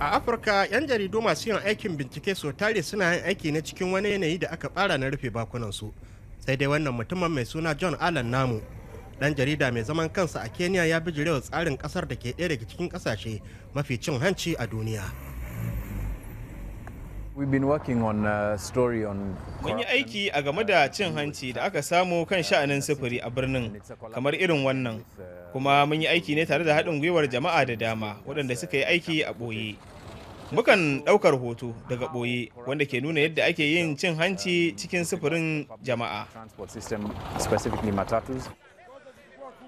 a afirka 'yan jaridu masu yin aikin bincike so tare suna yin aiki na cikin wani yanayi da aka bara na rufe bakunansu sai dai wannan mutumin mai suna john allen namu dan jarida mai zaman kansa a kenya ya bijirewa tsarin kasar da ke ɗaya daga cikin kasashe mafi cin hanci a duniya Mun yi aiki a game da cin hanci da aka samu kan sha'anin sufuri a birnin kamar irin wannan, kuma mun yi aiki ne tare da haɗin gwiwar jama'a da dama waɗanda suka yi aiki a ɓoye. mukan ɗaukar hoto daga ɓoye wanda ke nuna yadda ake yin cin hanci cikin sufurin jama'a.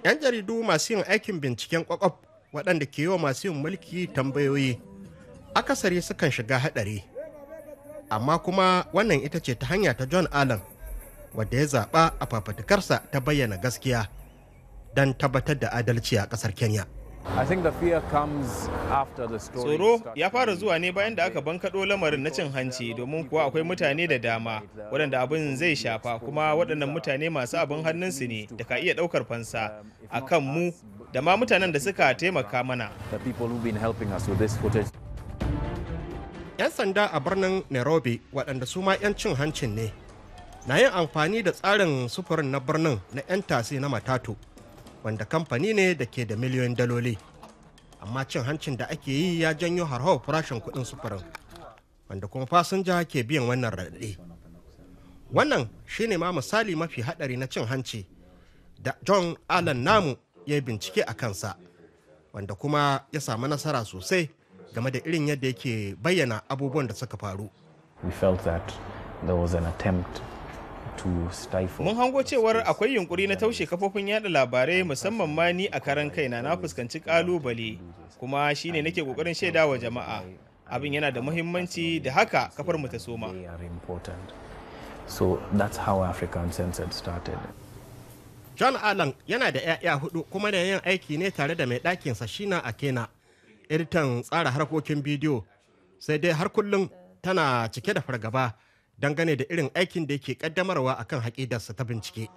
'Yan jaridu masu yin aikin binciken kwakwaf waɗanda ke yi wa masu yin mulki tambayoyi akasari sukan shiga haɗari. Amma kuma wannan ita ce ta hanya ta John Allen wadda ya zaɓa a fafatukarsa ta bayyana gaskiya don tabbatar da adalci a ƙasar Kenya. Tsoro ya fara zuwa ne bayan da aka bankaɗo lamarin na cin hanci domin kuwa akwai mutane da dama waɗanda abin zai shafa kuma waɗannan mutane masu abin hannunsu ne da ka iya ɗaukar fansa a kan mu da ma mutanen da suka taimaka mana. 'Yan sanda a birnin Nairobi waɗanda su ma 'yan cin hancin ne na yin amfani da tsarin sufurin na birnin na 'yan tasi na matatu wanda kamfani ne da ke da miliyoyin daloli amma cin hancin da ake yi ya janyo harhawar farashin kuɗin sufurin wanda kuma fasinja ke biyan wannan raɗaɗi wannan shine ma misali mafi haɗari na cin hanci da john allen namu ya yi bincike a kansa wanda kuma ya samu nasara sosai game da irin yadda yake bayyana abubuwan da suka faru. We felt that there was an attempt to stifle. Mun hango cewar akwai yunkuri na taushe kafofin yada labarai musamman ma ni a karan kaina na fuskanci kalubale kuma shine nake kokarin shaida wa jama'a. Abin yana da muhimmanci da haka kafar mu ta soma. So that's how African Censored started. John Allen yana da 'ya'ya hudu kuma da yin aiki ne tare da mai ɗakinsa Shina kena editan tsara harkokin bidiyo, sai dai har kullum tana cike da fargaba. dangane da irin aikin da yake kaddamarwa akan haƙidarsa ta bincike.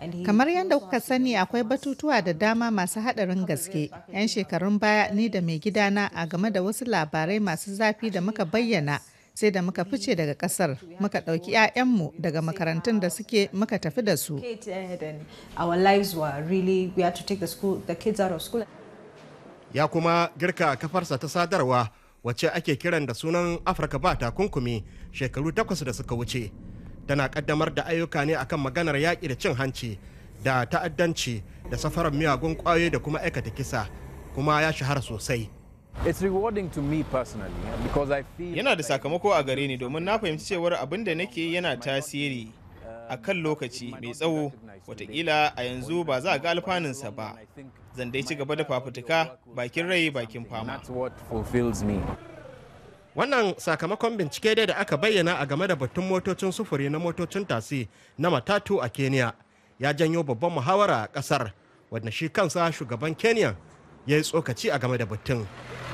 A Kamar yadda kuka sani akwai batutuwa da dama masu haɗarin gaske. 'Yan shekarun baya ni da mai gidana a game da wasu labarai masu zafi da muka bayyana sai da muka fice daga ƙasar muka ɗauki 'ya'yanmu daga makarantun da suke muka tafi da su. Eh, ya kuma girka kafarsa ta sadarwa wacce ake kiran da sunan afirka ba takunkumi shekaru takwas da suka wuce tana kaddamar da ayyuka ne akan maganar yaƙi da cin hanci da ta'addanci da safarar miyagun ƙwayo da kuma aikata kisa kuma ya shahara sosai yana da sakamako a gare ni domin na fahimci cewar abin da nake yana tasiri a kan lokaci mai tsawo watakila a yanzu ba za a ga alfaninsa ba zan dai ci gaba da fafutuka bakin rai bakin fama wannan sakamakon bincike dai da aka bayyana a game da batun motocin sufuri na motocin tasi na matatu a kenya ya janyo babban muhawara a kasar wadda shi kansa shugaban kenya ya yi tsokaci a game da batun